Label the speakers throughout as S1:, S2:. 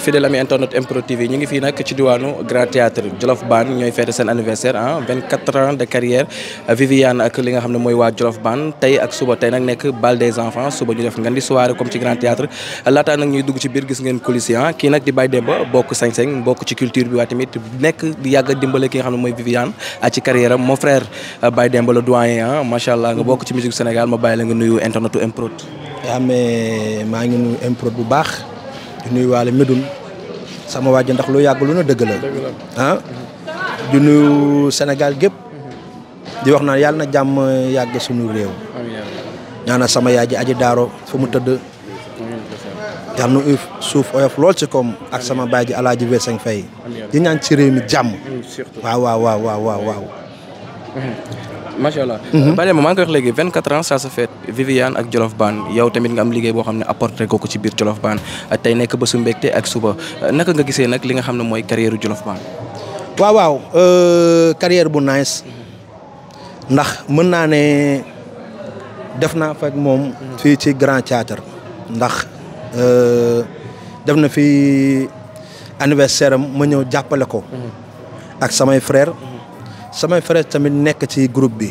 S1: fidèle ami internet MPROD TV ñu ngi fii nag ci diwaanu Grand Théâtre Jolof Band ñooy fête seen anniversaire ah 24 ans de carrière euh, Viviane ak li nga xam ne mooy waa Jolof Band tey ak suba tey nag nekk bal des enfants suba ñu def ngan di soirée comme ci Grand Théâtre laataa nag ñuy dugg ci biir gis ngeen coulisses ah kii nag di Baye Demba bokk sañ-sañ bokk ci culture bi waa tamit nekk di yàgg dimbale ki nga xam ne mooy Viviane ak ah, ci carrière am mon frère euh, Baye Demba le doyen ah macha allah nga bokk ci musique Sénégal ma bàyyi la ah,
S2: maa ngi nuyu bu baax. di nuyu waale sama waaj ndax lu yàgg lu na dëgg la ah Sénégal gépp di wax naan yàlla na jàmm yàgg suñu réew ñaanal sama yaay ji aji daaro fu mu tëdd yàlla nu suuf oyof lool ci koom ak sama baay ji alaaji Wesseng Faye di ñaan ci réew mi jàmm waaw waaw waaw
S1: waaw macha allah. Balé ma maa ngi koy wax léegi 24 ans ça Viviane ak Jolof Baan yow tamit nga am liggéey boo xam ne apporté ko ko ci biir Jolof Baan tey nekk ba su mbégte ak suba naka nga gisee nag li nga xam ne mooy carrière Jolof Baan.
S2: waaw waaw euh, carrière bu nice ndax mën naa ne def naa fa moom. fii ci Grand Théâtre ndax euh, def na fi anniversaire am ma ñëw jàppale ko. Mhm. ak samay frère samay frère tamit nekk ci groupe bi.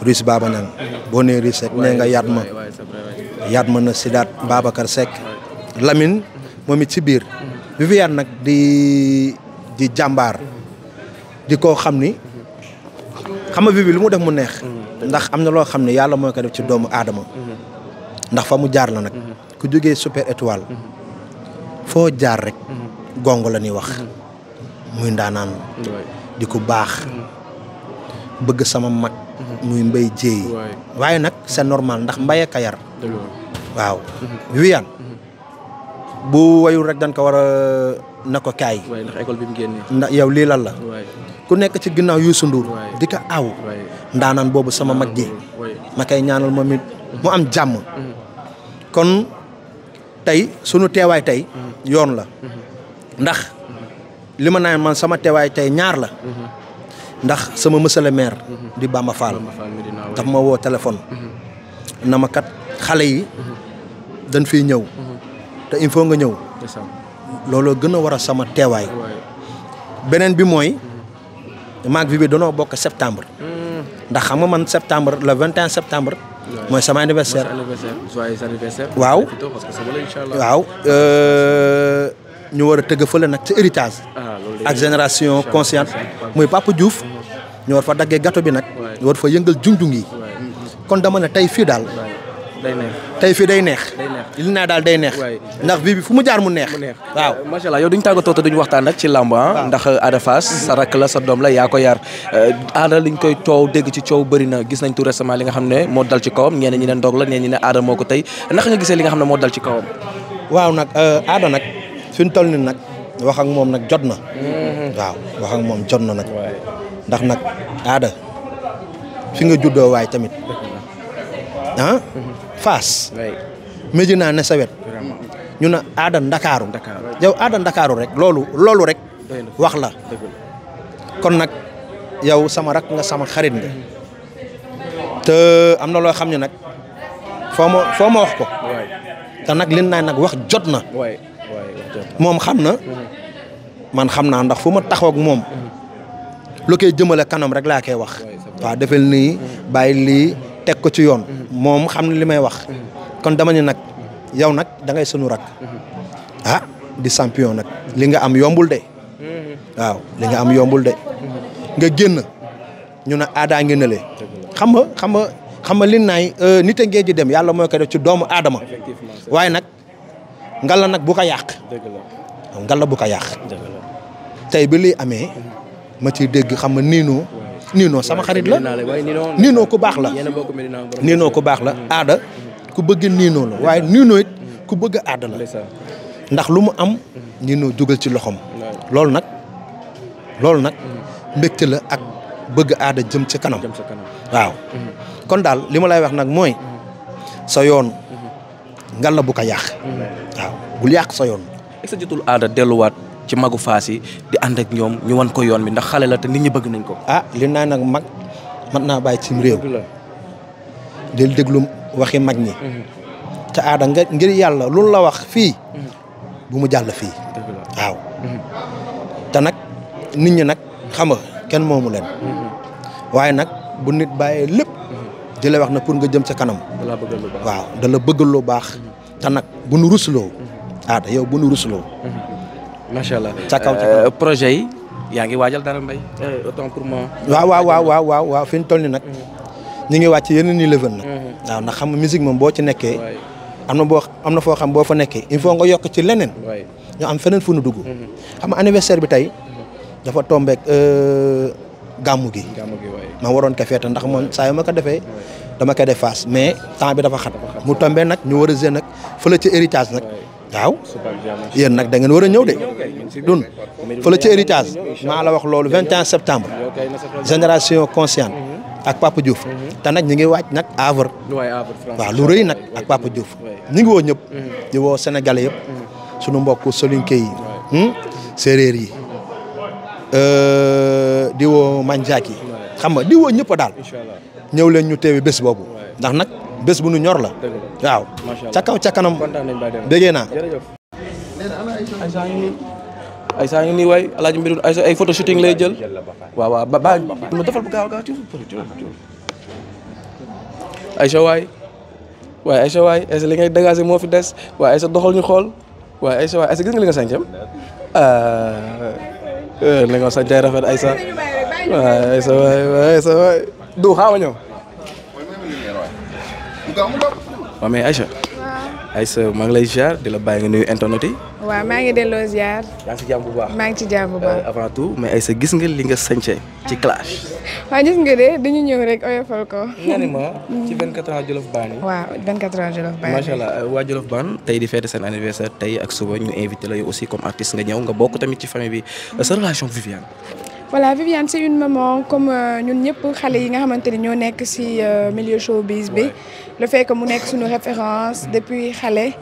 S2: Ruus Baba Niang boo nee Ruus rek nee nga Yatma Yatma na Sidaat Babacar Seck Lamine moom it ci biir. Viviane nag di di jàmbaar di koo xam ni xam nga Vivi lu mu def mu neex. Mm-hmm. ndax am na loo xam ne yàlla mooy ko def ci doomu aadama. Mm-hmm. ndax fa mu jaar la nag. Mm-hmm. ku jógee super étoile. foo jaar rek. gongo la ñuy wax. muy ndaanaan. di ku baax bëgg sama mag muy mbay jéey waaye nag c'est normal ndax mbaye ka yar waaw wiyaan mhm. mhm. bu wayul rek dañ ko war a na ko kaay ndax école bi ndax yow lii lan la ku nekk ci ginnaaw Youssou Ndour di ko aw ndaanaan boobu sama mag ji ma koy ñaanal moom it mhm. mu am jàmm kon tey sunu teewaay tey yoon la ndax li ma naan man sama teewaay tey ñaar la. ndax sama monsieur le maire. di Bamba Fall. daf ma woo téléphone. na ma kat xale yi. dañ fiy ñëw. te il faut nga ñëw. looloo gën a war a sama teewaay. beneen bi mooy. maag bi bi danoo bokk septembre. Hmm. ndax xam nga man septembre le 21 septembre.
S1: mooy sama anniversaire. joyeux anniversaire. waaw. waaw.
S2: Euh, ñu war a tëgg fële nag ci héritage. Ah, ak génération consciente muy Papa juuf ñoo war fa daggee gâteau bi nag. ñu war fa yëngal junjung yi. kon dama ne tey fii daal. day tey fii day neex. day li naa daal day neex. ndax bii bi fu mu jaar mu neex.
S1: waaw euh, macha allah yow duñ tàggatoo dañu duñ waxtaan rek ci làmb ah. ndax euh, Ada Fass sa rakk la sa doom la yaa ko yar. Euh, Ada liñ koy coow dégg ci coow bëri na gis nañ tout récemment li nga xam ne moo dal ci kawam ñeneen ñi ne ndog la ñeneen ñi ne Ada moo ko tey ndax nga gisee li nga xam ne moo dal ci kawam. fi ñu toll ni nag wax moom nag jot na mm-hmm. waaw
S2: wax moom jot na nag ndax nag aada fi nga juddoo waay tamit mm-hmm. ah Fass Médina ne sawet ñu ne aada ndakaaru yow aada ndakaaru rek loolu loolu rek wax la kon nag yow sama rak nga sama xarit nga mm-hmm. te am na loo xam ne nag foo ma foo wax ko te nag lin naa nag wax jot na moom xam na man xam naa ndax fu ma taxaw moom lu koy jëmale kanam rek laa koy wax waaw defal nii bàyyi lii teg ko ci yoon moom xam na li may wax kon dama ne nag yow nag dangay ngay sunu rak ah di champion nag li nga am yombul de waaw li nga am yombul de nga génn ñu ne aadaa ngi ne le xam nga xam nga xam nga li naay euh, nit a ngee ji dem yàlla mooy ko def ci doomu aadama waaye nag ngalla nag bu ko yàq. ngalla bu ko yàq. tey bi liy amee. ma ciy dégg xam nga niinoo. niinoo sama xarit la niinoo ku baax la. niinoo ku baax la mm. aada. ku bëgg niinoo la waaye mm. niinoo it ku bëgg aada la. ndax lu mu am. niinoo jugal ci loxoom. loolu nag loolu nag mm. mbégte la ak bëgg aada jëm ci kanam. waaw kon daal li ma lay wax nag mooy sa yoon. ngal la bu ko yàq. waaw
S1: bul yàq sa yoon. est aada delluwaat ci magu faas yi di ànd ñoom ñu wan ko yoon bi ndax xale la te nit ñi bëgg nañ ko. ah li naa nag mag mën naa bàyyi ci réew. del déglu waxi
S2: mag ñi. ca mhm. aada ngir yàlla lu la wax fii. Mhm. bu mu jàll fii. waaw. Mhm. te nag nit ñi nag xam nga kenn moomu leen. waaye nag bu nit bàyyee lépp. di la wax na pour nga jëm ca kanam. waaw da la bëggal lu baax. Mm-hmm. te nag bu nu rusloo. ah te yow bu nu rusloo. Mm-hmm.
S1: macha allah ca kaw ca euh, projet yi. yaa ngi waajal dara mbay. Eh, autant waaw
S2: waaw waaw waaw waaw fi ñu toll ni nag. Mm-hmm. ñu ngi wàcc yenn ni level nag. waaw ndax xam nga musique moom boo ci nekkee. am na boo am na foo xam boo fa nekkee il faut nga yokk ci leneen. ñu am feneen fu nu dugg. xam anniversaire bi tey. dafa tombeek euh, gàmmu gi. ma waroon ko feete ndax man saa a ma ko defee dama ko def face mais temps bi dafa xat mu tombé nag ñu a nag fële ci héritage nag waaw yéen nag da ngeen war a ñëw de dun fële ci héritage maa la wax loolu 21 septembre génération consciente mhm. ak Papa Diouf mhm. te nag ñu ngi waaj nag Havre lu rëy nag ak Papa Diouf ñu ngi woo ñëpp mhm. di woo Sénégalais yëpp sunu mbokk solinke yi hmm? séeréer yi euh, di woo Mandiaki xam nga di woo ñëpp daal ñëw leen ñu teewe bés boobu ndax nag bés bu nu ñor la
S1: waaw ca kaw ca kanam déggee naa ay saa ngi nii waay alaaji mbiru ay ay photo shooting lay jël waaw sa ay sa li ngay dégagé moo fi des waaye ay sa doxal ñu xool waaye ay sa waay ay sa gis nga li nga sañcam euh, li nga sañ tey rafet ay sa waay ay sa waay waay sa waay lay ziar di la bàyyi nga nuyu internet yi
S3: waa maa ngi delloo ziar. yaa ngi ci jàmm bu baax maa ngi ci jàmm bu baax. Euh,
S1: avant tout mais Aïssa gis nga li nga sañce ci clash.
S3: waaw gis nga de dañu ñëw rek oyofal ko. nga ni ma
S1: ci 24 ans Jolof Ban yi.
S3: waaw 24 euh,
S1: waa Jolof Ban tey di fête seen anniversaire tey ak suba ñu invité la yow aussi comme artiste nga ñëw nga bokk tamit ci famille bi euh, sa relation Viviane.
S3: voilà Viviane c'est une maman comme ñun ñëpp xale yi nga xamante ni ñoo nekk si milieu bis bi. le fait que mu nekk suñu référence depuis xale.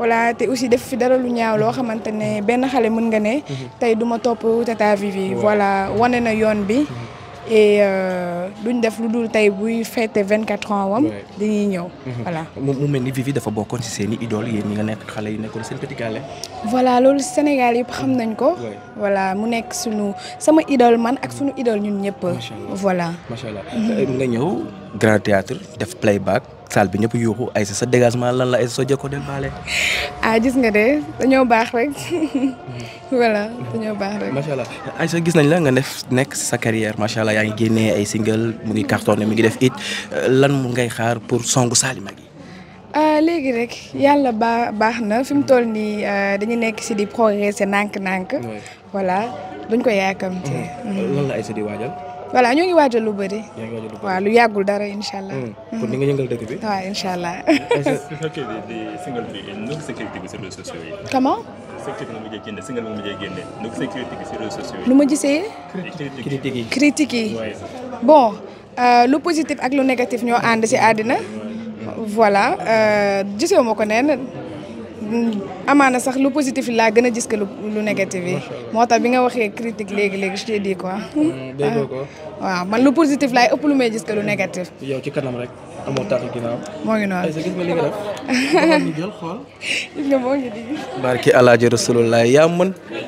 S3: voilà te aussi def fi dara lu ñaaw loo xamante ne benn xale mën nga ne. Mhm. tey duma topp Tata Vivi. voilà wane na yoon bi. Mhm. et euh, duñ def lu dul tey buy fête vingt quatre ans wam dañuy ñëw. Mhm. voilà
S1: mu mel ni Vivi dafa bokkoon ci seen i idole yéen ñi nga nekk xale yi nekkoon seen Petit
S3: voilà loolu Sénégal yëpp xam nañ ko. voilà mu nekk suñu sama idole man ak suñu idole ñun ñëpp. voilà
S1: macha allah mhm. nga ñëw grand théâtre def playback salle bi ñëpp yuuxu Aïssa sa dégagement lan la Aïssa soo jëkkoo del baale.
S3: ah gis nga de dañoo baax rek mhm. voilà dañoo baax rek. macha
S1: allah gis nañ la nga def nekk sa carrière macha allah yaa ngi génnee ay single mu ngi cartonné mu ngi def it euh, lan mu ngay xaar pour songu saali mag yi
S3: Euh, léegi rek yàlla ba baax na fi mu mm. toll nii euh, dañu nekk si di progresser nànk-nànk. voilà dañ ko yàkkamti. Mm. Mm. lan la Aïssa di ñoo ngi waajal lu bari waaw lu yàggul dara incha allah. kon ni nga yëngal dëkk bi. allah.
S4: single critique yi. ma gisee. critique yi critique yi.
S3: bon euh, lu positif ak lu négatif ñoo ànd si àddina. voilà euh, gisoo ma ko neen amaana sax lu positif laa gën a gis que lu négatif yi moo tax bi nga waxee critique léegi léegi je t'ai quoi. Mm, déggoo ko waaw man lu positif laay ëpp lu may gis que lu négatif.
S1: ci kanam rek amoo taatu ginnaaw. moo ngi noonu gis nga li nga def.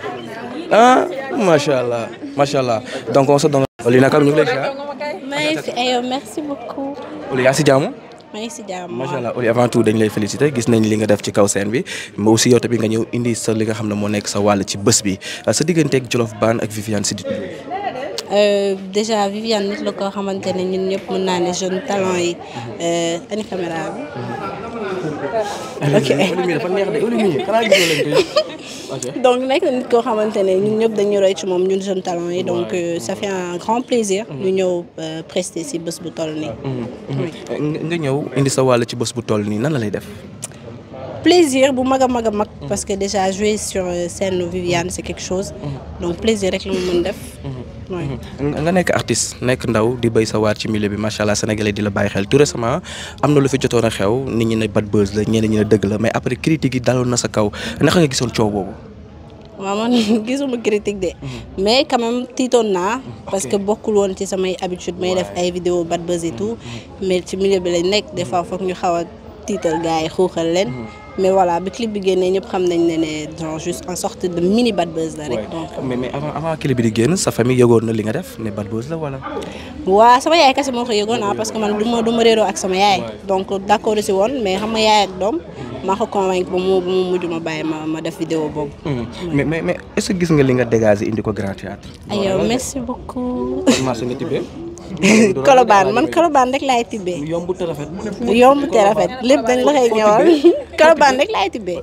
S1: Ah, donc on maa
S5: eh, si jàmm. maa ngi si jàmm macha allah
S1: Oli avant tout dañ lay féliciter gis nañ li nga def ci kaw seen bi mais aussi yow tamit nga ñëw indi sa li nga xam ne moo nekk sa wàll ci bés bi euh, sa digganteeg Jolof Band ak Viviane Chidid
S5: euh, déjà Viviane nit la koo xamante ne ñun ñëpp mën naa ne jeune talent yi mhm. euh, ani caméra bi mhm. donc nekk na nit koo xamante ne ñun ñëpp dañu roy ci moom ñun jeune talent yi donc euh, ça fait un grand plaisir. Mm-hmm. ñu ñëw euh, presté si bés bu toll nii.
S1: Mm-hmm. Mm-hmm. nga ñëw indi sa wàll ci bés bu toll nii nan la lay def.
S5: plaisir bu mag a mag a mag. Mhm. parce que déjà jouer sur euh, scène Viviane c'est quelque chose. Mhm. donc plaisir rek la mu mën def.
S1: Mhm. nga nekk artiste nekk ndaw di béy sa waar ci milieu bi macha allah sénégalais di la a xew nit ñi ne bad buzz la ñeneen ñi ne dëgg après critique yi daloon na sa kaw naka nga gisoon coow boobu.
S5: waaw man gisuma critique de. mais quand même tiitoon naa. parce que bokkul woon ci samay habitude may def ay vidéo bad buzz et tout mais ci milieu bi lañ nekk des foog ñu xaw a tiital gars yi xuuxal leen. mais voilà bi clip bi génnee ñëpp xam nañ ne ne genre juste en sorte de mini bad la rek. donc euh,
S1: mais avant clip bi di génn sa famille yëgoon na li nga def ne bad buzz la wala.
S5: waaw sama yaay kese moo ko yëgoon ah, parce que man du ma du ma réeroo ak sama yaay. donc d' accord si woon mais xam nga yaay ak doom. maa ko convaincre ba mu mujj ma bàyyi ma def vidéo boobu.
S1: Hmm. mais mais mais est gis nga li nga dégagé indi ko grand théâtre. aywa
S5: merci beaucoup. Colobane man Colobane rek laay tibbee. yomb te rafet. yomb te rafet lépp dañ la rek laay tibbee.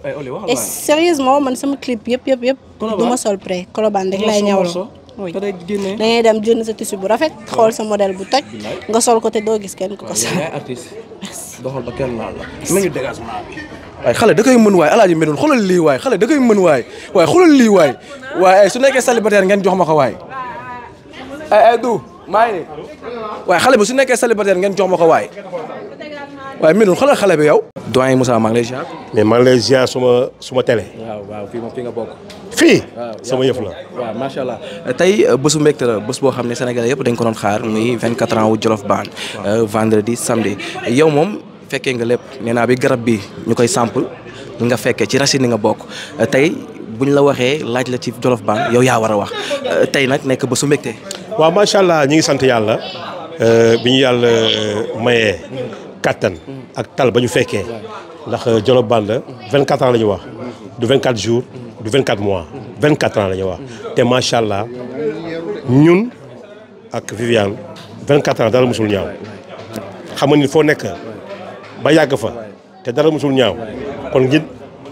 S5: et sérieusement man sama clip yëpp yëpp yëpp. du ma sol pré Colobane rek laay ñëwal. oui da ngay dem jënd sa tissu bu rafet xool sa modèle bu toj nga sol ko te doo gis kenn ko sol.
S1: artiste doxal ba kenn laal la. nañu dégagement bi. waaye xale da koy mën waay alaaji medul xoolal lii waay xale da koy mën waay waaye xoolal lii waay waaye su nekkee célibataire ngeen jox ma ko waay ay maa ngi waaye xale bi su nekkee célibataire ngeen jox ma ko waaye
S4: waaye mënul xoolal xale bi yow. doyen Moussa maa ngi lay mais maa ngi lay suma suma télé.
S1: waaw waaw fii nga bokk. fii sama yëf la. waaw macha allah tey euh, bésu mbégte la bés boo xam ne Sénégalais yëpp dañ ko doon xaar muy 24 ans wu Jolof Ban. Euh, vendredi samdi yow moom fekkee nga lépp nee bi garab bi ñu koy sample nga fekkee ci racine nga bokk tey bu ñu la waxee
S4: laaj la ci Jolof Ban yow yaa war a wax euh, tey nag nekk bésu mbégte. waaw macha allah ñu ngi sant yàlla euh, bi ñu yàlla euh, mayee kattan ak tal ba ñu fekkee ndax Diallo Banda 24 ans la ñu wax du 24 jours du 24 mois 24 ans la ñu wax te macha allah ñun ak Viviane 24 ans dara musul ñaaw xam nga ni foo nekk ba yàgg fa te dara musul ñaaw kon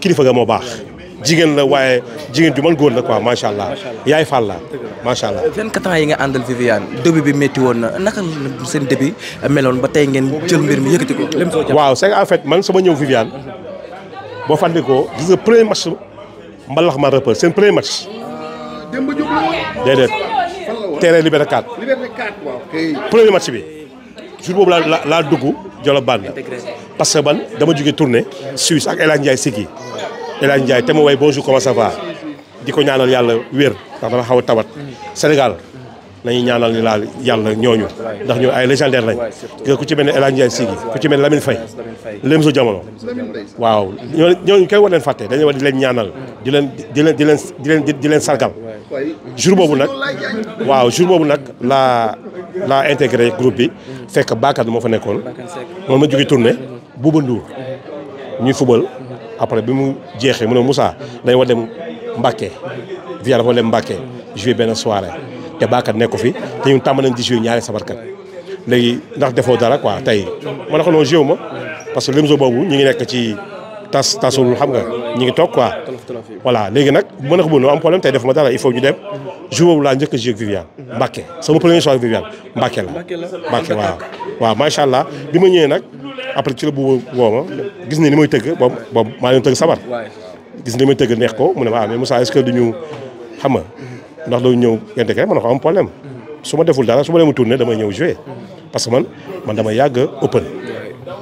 S4: kilifa ga moo baax. jigéen la waaye jigéen ju mën góor la ko macha allah. yaay Fall la macha allah. 24 ans yi nga ànd àndal Viviane début bi métti woon na naka seen début meloon ba tey ngeen jël mbir mi yëkkati ko. waaw c'est en fait man sama ñëw Viviane boo fàttali ko gis nga premier match mbalax ma rëppal seen premier match. déedéet. Liberté 4. premier match bi jour boobu laa la laa dugg jolo Band parce que ban dama jógee tournée Suisse ak El Hadj Siggi El Hadj Ndiaye te mu way bonjour comment ça va ko ñaanal yàlla wér ndax dama xaw a tawat Sénégal nañu ñaanal ni laal yàlla ñooñu ndax ñu ay légendaire lañ nga ku ci mel ne El Hadj ku ci mel ne Lamine Faye lém su jamono waaw ñoo ñooñu kenn war leen fàtte dañu war di leen ñaanal di leen di leen di leen di leen di leen sargal jour boobu nag waaw jour boobu nag laa laa intégré groupe bi fekk Bakar moo fa nekkoon moom ma jóge tournée Bouba Ndour ñuy fubal après bi mu jeexee mu ne Moussa dañ war dem Mbacke Viviane dafa dem Mbacke joué benn soirée te baakat nekku fi te ñun tàmm nañ di joué ñaari sabarkat léegi ndax defoo dara quoi tey ma ne ko noonu joué ma parce que limso boobu ñu ngi nekk ci tas tasul xam nga ñu ngi toog quoi. voilà léegi nag mën na ko bëggoon am problème tey defuma dara il faut ñu dem joué boobu laa njëkk a joué ak Viviane Mbacke sama premier soirée Viviane Mbacke la Mbacke waaw waaw allah bi ma ñëwee nag. après ci la boobu wooma gis ne ni may tëgg boobu boobu maa doon tëgg sabar gis ne li may tëgg neex ko mu ne ma ah mais Moussa est-ce que duñu xam nga ndax doo ñëw gerte kay man a am problème su ma deful dara su ma demee tournée damay ñëw jouer parce que man man dama yàgg open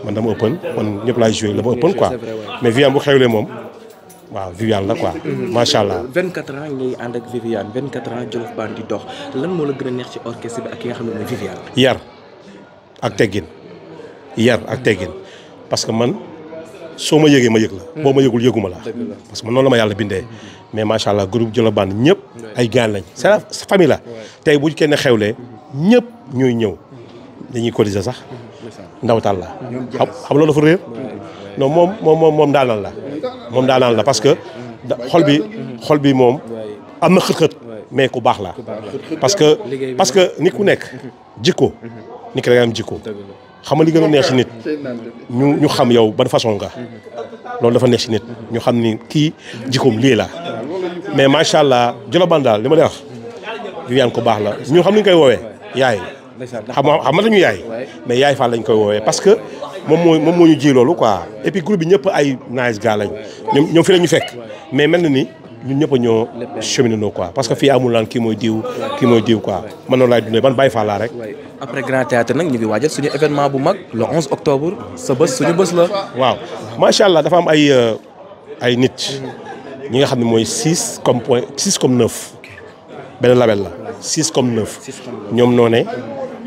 S4: man dama open man ñëpp laay la dama open quoi mais Viviane bu xewlee moom waaw Viviane la quoi. Mm-hmm. macha allah
S1: 24 ans ñuy ànd ak Viviane 24 ans Djolof Band a neex ci ki nga xam ne mooy Viviane.
S4: yar ak teggin. yar ak teggin parce que man soo ma yëgee ma yëg la hmm. boo ma yëgul yëguma la parce que man noonu la ma yàlla bindee mais macha allah groupe Jula Band ñëpp ay gaan lañ c'est la famille la tey bu kenn xewlee ñëpp ñooy ñëw dañuy cotiser sax ndawtal la xam loolu dafa réer non moom moom moom moom daanaan la moom daanaan parce que hmm. xol bi hmm. xol bi moom am na xët-xët mais ku baax la parce que parce que nit ku nekk jikko nit ki da am jikko xam nga li gën a neex si nit ñu xam yow ban façon ga mhm. loolu dafa neex si nit ñu xam ni kii jikkoom lii la mais macha allah Jolo Bane daal li ma lay wax Viviane ko baax la ñu xam ni ñu koy woowee yaay xam nga xam nañu yaay mais yaay Fall lañ koy woowe parce que moom moo moo ñu ji loolu quoi et puis groupe ñëpp ay nice gars lañ ñoom ñoom fi la ñu fekk mais mel na ni ñu ñëpp a ñoo cheminots quoi parce que fii amul naan kii mooy diw kii mooy diw quoi man noonu laay dundee ban baay Fall laa rek après Grand Théâtre nag ñu ngi waajal suñu événement bu mag le 11 octobre sa bës suñu bës la. waaw macha allah dafa am ay euh, ay nit ñi nga xam ne mooy six comme point six comme neuf benn label la six comme neuf ñoom noo ne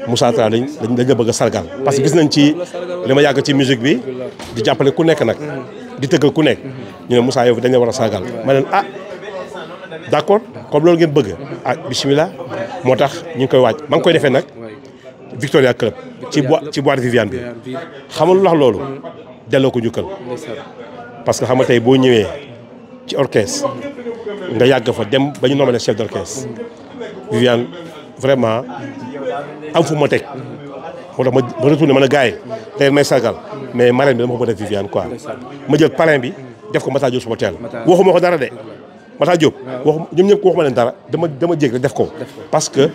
S4: Moussa Tra dañ dañ la bëgg a sargal parce que gis nañ ci li ma yàgg ci musique bi di jàppale ku nekk nag di tëggal ku nekk ñu ne Moussa yow dañ war a sargal ma leen ah d'accord comme loolu ngeen bëgg a ah, bismillah moo tax ñu ngi koy waaj ma ngi koy defee nag. Victoria Club ci bois ci bois de Viviane bi xamal lu tax loolu delloo ko njukkal parce que xam nga tey boo ñëwee ci orchestre nga yàgg fa dem bañu ñu nommé chef d' Viviane vraiment am fu ma teg moo tax ma ma retourné ma ne gars yi may sargal mais marraine bi dama ko def Viviane quoi ma jël parrain bi def ko Mata Diop suba teel waxuma ko dara de Mata Diop waxu ñoom ñëpp waxuma leen dara dama dama rek def ko parce que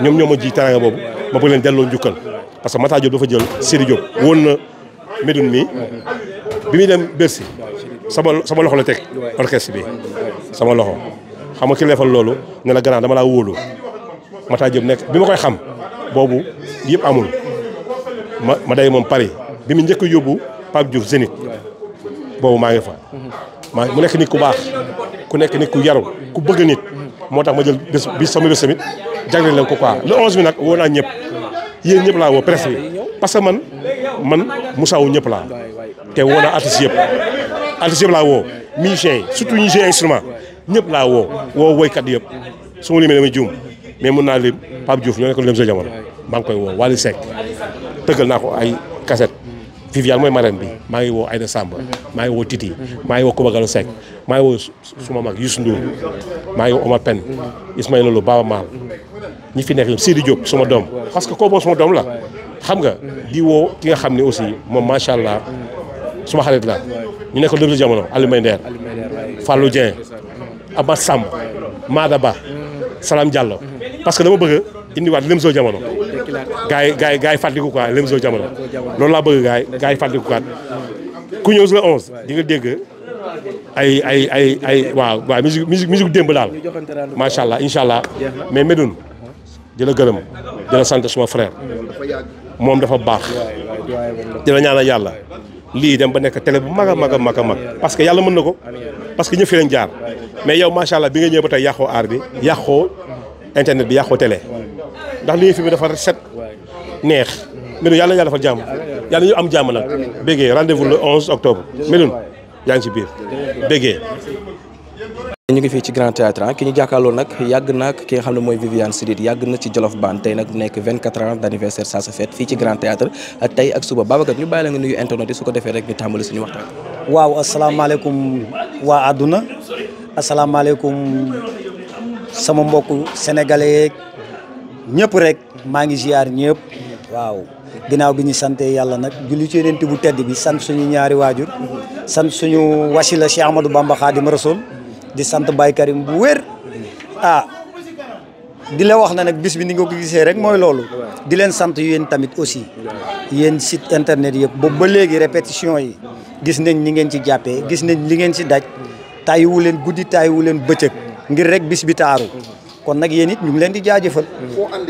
S4: ñoom ñoom ma ji teranga boobu ma bëgg leen delloo njukkal parce que Matar Diop dafa jël Sidi Diop woon na Médoune mii bi muy dem Bercy sama sama loxo la teg orchestre bi sama loxo xam nga ki loolu ne la grand dama laa wóolu Matar Diop nekk bi ma koy xam boobu yëpp amul ma ma day moom Paris bi mu njëkk yóbbu Pape Diouf Zénith boobu maa ngi fa mu nekk nit ku baax ku nekk nit ku yaru ku bëgg nit moo tax ma jël bés bi sama bés jagleel leen ko quoi le 11 bi nag woo naa ñëpp yéen ñëpp laa woo presse parce que man man Moussa wu ñëpp laa te woo naa artistes yëpp artistes yëpp laa woo musiciens yi surtout ñi jouer instrument laa woo woo woykat yëpp su ma limee damay juum mais mun naa lim Pape Diouf ñoo nekkoon lëm sa jamono maa ngi koy woo Wally Seck tëggal naa ko ay cassette Viviane mooy marraine bi maa ngi woo ay Samba maa ngi woo Titi maa ngi woo Coumba Gawlo Seck maa ngi woo suma mag Youssou Ndour maa ngi woo Omar Pène Ismaïla Lô Baaba ñi fi nekk ñoom di Diop suma doom parce que koo boo suma doom la xam nga di woo ki nga xam ne aussi moom macha allah suma xarit la ñu nekk lëb jamono Aliou Mbaye Nder Fallou Dieng Abat Samb Maada Ba Salam Diallo parce que dama bëgg indiwaat lëm soo jamono gaay gaay gaay fàttaliku quoi lëm soo jamono loolu laa bëgg gaay gaay fàttaliku quoi ku ñëw si la onze di nga dégg ay ay ay ay waaw waaw musique musique musique démb daal
S1: macha allah incha
S4: allah mais Medoune di la gërëm di la sant suma frère moom dafa baax di la ñaanal yàlla lii dem ba nekk télé bu mag a mag mag a mag parce que yàlla mën na ko parce que ñëpp fi lañ jaar mais yow macha allah bi nga ñëw ba tey yàqoo aar bi yàqoo internet bi yàqoo télé ndax lii fi bi dafa set neex melun yàlla yàlla dafa jàmm yàlla ñu am jàmm nag béggee rendez le 11 octobre melun yaa ngi ci biir béggee ñu ngi fii ci Grand Théâtre ah, ki
S1: ñu jàkkaarloo nag yàgg na ki nga xam ne mooy Viviane Chidid yàgg na ci Jolof Ban tey nag nekk 24 ans d' anniversaire ça se fête fii ci Grand Théâtre tey ak suba Babacar ñu bàyyi la nga nuyu internet yi su ko defee rek ñu tàmbali suñu waxtaan.
S6: waaw asalaamaaleykum waa àdduna asalaamaaleykum sama mbokk sénégalais ñëpp rek maa ngi ziar ñëpp waaw ginnaaw bi ñu sante yàlla nag julli ci yonent bu tedd bi sant suñu ñaari waajur sant suñu wasila Cheikh Ahmadou Bamba Khadim Rasoul di sant Baye Karim bu wér ah di la wax na nag bis bi ni nga ko gisee rek mooy loolu di leen sant yéen tamit aussi yéen site internet yëpp boobu ba léegi répétition yi gis nañ li ngeen ci jàppee gis nañ li ngeen ci daj tàyyiwu leen guddi tàyyiwu leen bëccëg ngir rek bis bi taaru kon nag yéen it ñu ngi leen di jaajëfal. foo ànd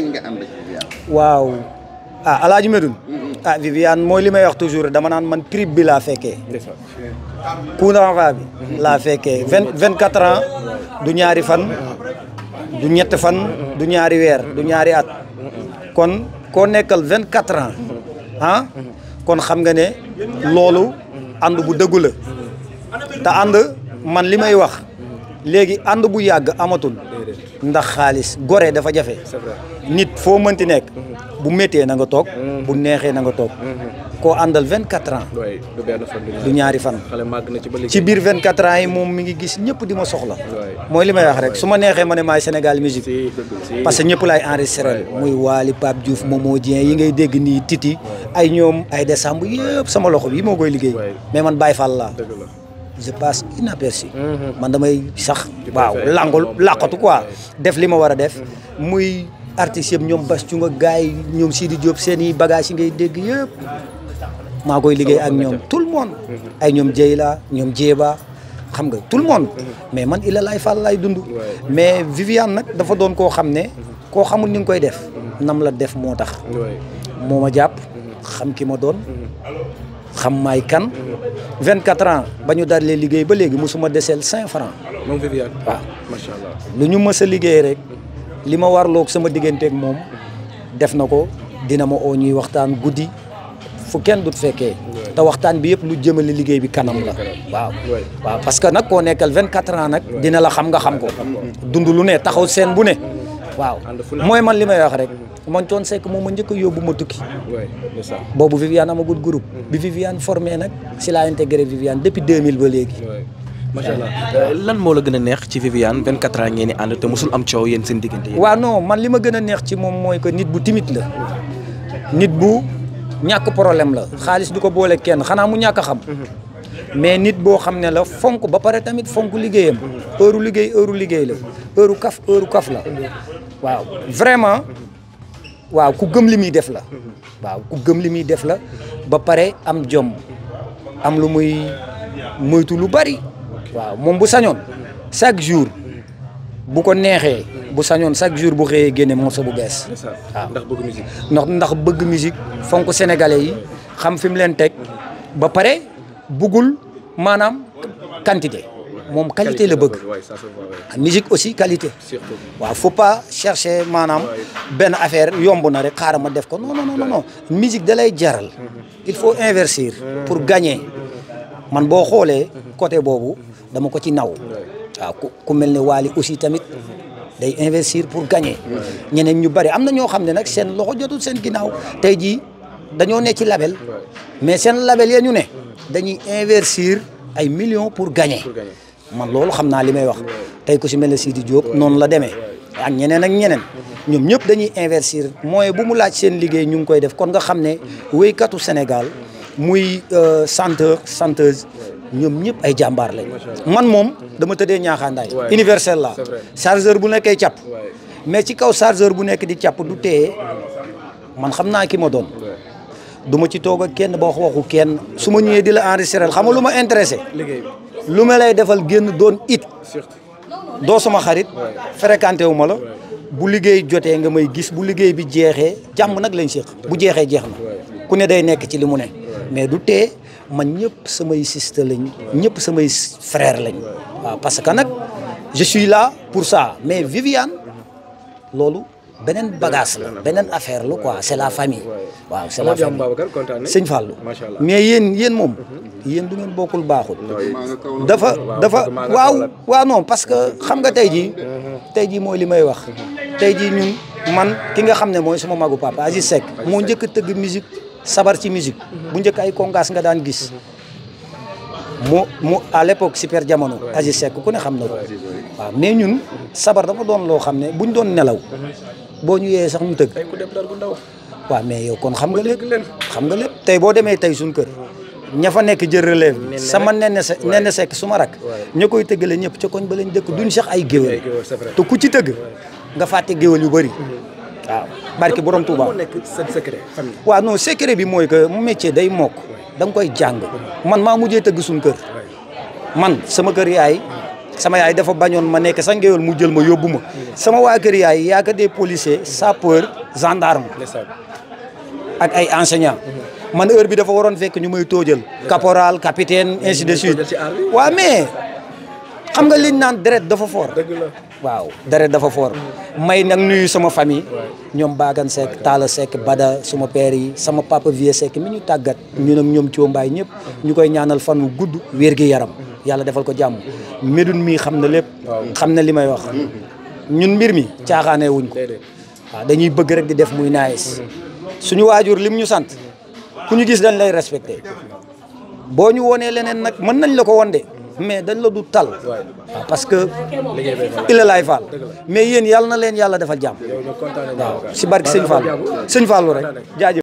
S6: ak waaw. ah El Hadj Medoune mm-hmm. ah Viviane mooy li may wax toujours dama naan man trip bi laa fekkee. coup d'envoi bi. Mm-hmm. laa fekkee vingt vingt quatre ans du ñaari fan. du ñett fan du ñaari weer du ñaari at.
S2: Mm-hmm.
S6: kon koo nekkal vingt quatre ans. ah kon xam nga ne loolu ànd bu dëggu la te ànd man li may wax léegi ànd bu yàgg amatul ndax xaalis gore dafa jafe nit foo mënti nekk. bu méttee na nga toog. Mm-hmm. bu neexee na nga toog. Mm-hmm. koo àndal 24 ans.
S1: du ñaari fan. ci biir 24 ans yi moom
S6: mi ngi gis ñëpp di ma soxla. mooy li may wax rek su ma neexee ma ne maay Sénégal musique. parce que ñëpp laay enregistré. muy Waly Pape Diouf Momo Dieng yi ngay dégg nii Titi. ay ñoom ay décembre yëpp sama loxo bi moo koy liggéey. mais man Baye Fall laa. je passe inaperçu. Mm-hmm. man damay sax. waaw langul làqatu quoi. def li ma war a def. muy. artistes yëpp ñoom Bass Thioung ak gars yi ñoom Sidi Diop seen i bagages yi ngay dégg yëpp maa koy liggéey ak ñoom tout le monde. ay ñoom Dieyla ñoom Jeeba xam nga tout le monde. mais man Ila Laay Fall laay dund. mais Viviane nag dafa doon koo xam ne. koo xamul ni nga koy def. Mhm. nam la def moo tax. moo ma jàpp mhm. xam ki ma doon. Mhm. xam maay kan. 24 ans ba ñu dalee liggéey ba léegi mosuma deseel cinq francs moom lu ñu mës liggéey rek. li ma warloog sama digganteeg moom def na ko dina ma oo ñuy waxtaan guddi fu kenn dut fekkee te waxtaan bi yëpp lu jëmale liggéey bi kanam la waaw waaw parce que nag koo nekkal 24 ans nag dina la xam nga xam ko dund lu ne taxaw seen bu ne waaw mooy man li may wax rek man Thione Seck moom ma njëkk a yóbbu ma tukki boobu Viviane amagul groupe mm-hmm. bi Viviane formé nag si laa intégré Viviane depuis 2000 ba léegi
S1: macha euh, lan moo la gën a neex ci Viviane 24 ans ngeen di ànd te mosul am coow yéen seen diggante yi
S6: waaw non man li ma gën a neex ci moom mooy que nit bu timide la nit bu ñàkk problème la xaalis du ko boole kenn xanaa mu ñàkk xam. mais nit boo xam ne la fonk ba pare tamit fonk liggéeyam heure liggéey heure liggéey la heure kaf heure kaf la waaw vraiment waaw ku gëm li muy def la waaw ku gëm li muy def la ba pare am jom am lu muy moytu lu bari waaw moom bu sañoon chaque jour bu ko neexee bu sañoon chaque jour bu xëyee génne morceau bu bees. ndax bëgg musique. ndax ndax bëgg musique fonk sénégalais yi xam fi mu leen teg ba pare bëggul maanaam quantité moom qualité la bëgg. Ah, musique aussi qualité. waaw faut pas chercher maanaam benn affaire yomb na rek xaaral ma def ko non non non non da lay jaral. Mhm. il faut investir pour mhm. gagner man boo xoolee mhm. côté boobu. dama ko ci naw waaw ku mel ne Waly aussi tamit day investir pour gagner ñeneen ñu bari am na ñoo xam ne nag seen loxo jotul seen ginnaaw tey jii dañoo ne ci label mais seen label ya ñu ne dañuy inversir ay millions pour gagner man loolu xam naa li may wax tey ku si mel ne Sidi Diop noonu la demee ak ñeneen ak ñeneen ñoom ñëpp dañuy investir moyen bu mu laaj seen liggéey ñu ngi koy def kon nga xam ne wéy katu Sénégal muy euh, chanteur chanteuse ñoom ñëpp ay jàmbaar lañ man moom dama tëddee ñaaxaandaay
S1: universel la
S6: chargeur bu nekkee càpp mais ci kaw chargeur bu nekk di càpp du téye man xam naa ki ma doon du ma ci toog ak kenn ba wax waxu kenn su ma ñëwee di la enregistrer xam nga lu ma intéressé lu ma lay defal génn doon it doo sama xarit fréquenté wu ma la bu liggéey jotee nga may gis bu liggéey bi jeexee jàmm nag lañ séq bu jeexee jeex
S1: na
S6: ku ne day nekk ci li mu ne mais du téye man ñëpp samay sister lañ ñëpp samay frère lañ waaw parce que nag je suis pour ça mais Viviane loolu beneen bagage la beneen affaire la quoi c'est la famille waaw c'est la famille sëñ Fallou mais yéen yéen moom yéen du ngeen bokkul baaxul dafa dafa waaw waaw non parce que xam nga tey jii mhm. tey jii mooy li may wax tey jii ñun man ki nga xam ne mooy sama magu papa Aziz Seck moo njëkk a tëgg musique sabar ci musique bu njëkk ay kongaas nga daan gis mu mu à l'époque super jamono Aziz Seck ku ne xam na ko waaw ñun sabar dafa doon loo xam ne buñ doon nelaw boo ñu yee sax ñu tëgg waaw mais yow kon xam nga lépp xam nga lépp tey boo demee tey suñ kër ña fa nekk jël relève bi sama nen nen sekk su ma rak ña koy tëggale ñëpp ca koñ ba leen dëkk duñ sax ay géwél te ku ci tëgg nga fàtte géwél yu bari mm-hmm. waaw barki borom Touba. moo
S1: nekk
S6: seen bi mooy que métier day mokk da nga koy jàng man maa mujjee tëgg suñu man sama kër yaay sama yaay dafa bañoon ma nekk sax mu jël ma yóbbu ma sama waa kër yaay yaaka des policiers sapeur gendarme ak ay enseignant man heure bi dafa waroon fekk ñu may tóojal caporal capitaine ainsi de suite waaw mais xam nga li naan deret dafa fort waaw deret dafa foor may nag nuyu sama famille ñoom Bagan Seck Talla Seck Bada suma père yi sama papa Vieux Seck mi ñu tàggat ñu nag ñoom coombaay ñëpp ñu koy ñaanal fan wu gudd wér gi yaram yàlla defal ko jàmm Médoune mi xam na lépp xam na li may wax ñun mbir mi caaxaanee wuñ ko dañuy bëgg rek di def muy naayes suñu waajur lim ñu sant ku ñu gis dañ lay respecté boo ñu wonee leneen nag mën nañ la ko won mais dañ la du tal ah, parce que ila laay Fall mais yéen yàlla na leen yàlla defal jàmm waaw si barki sëñ Fall sëñ Fallu rek jaajëf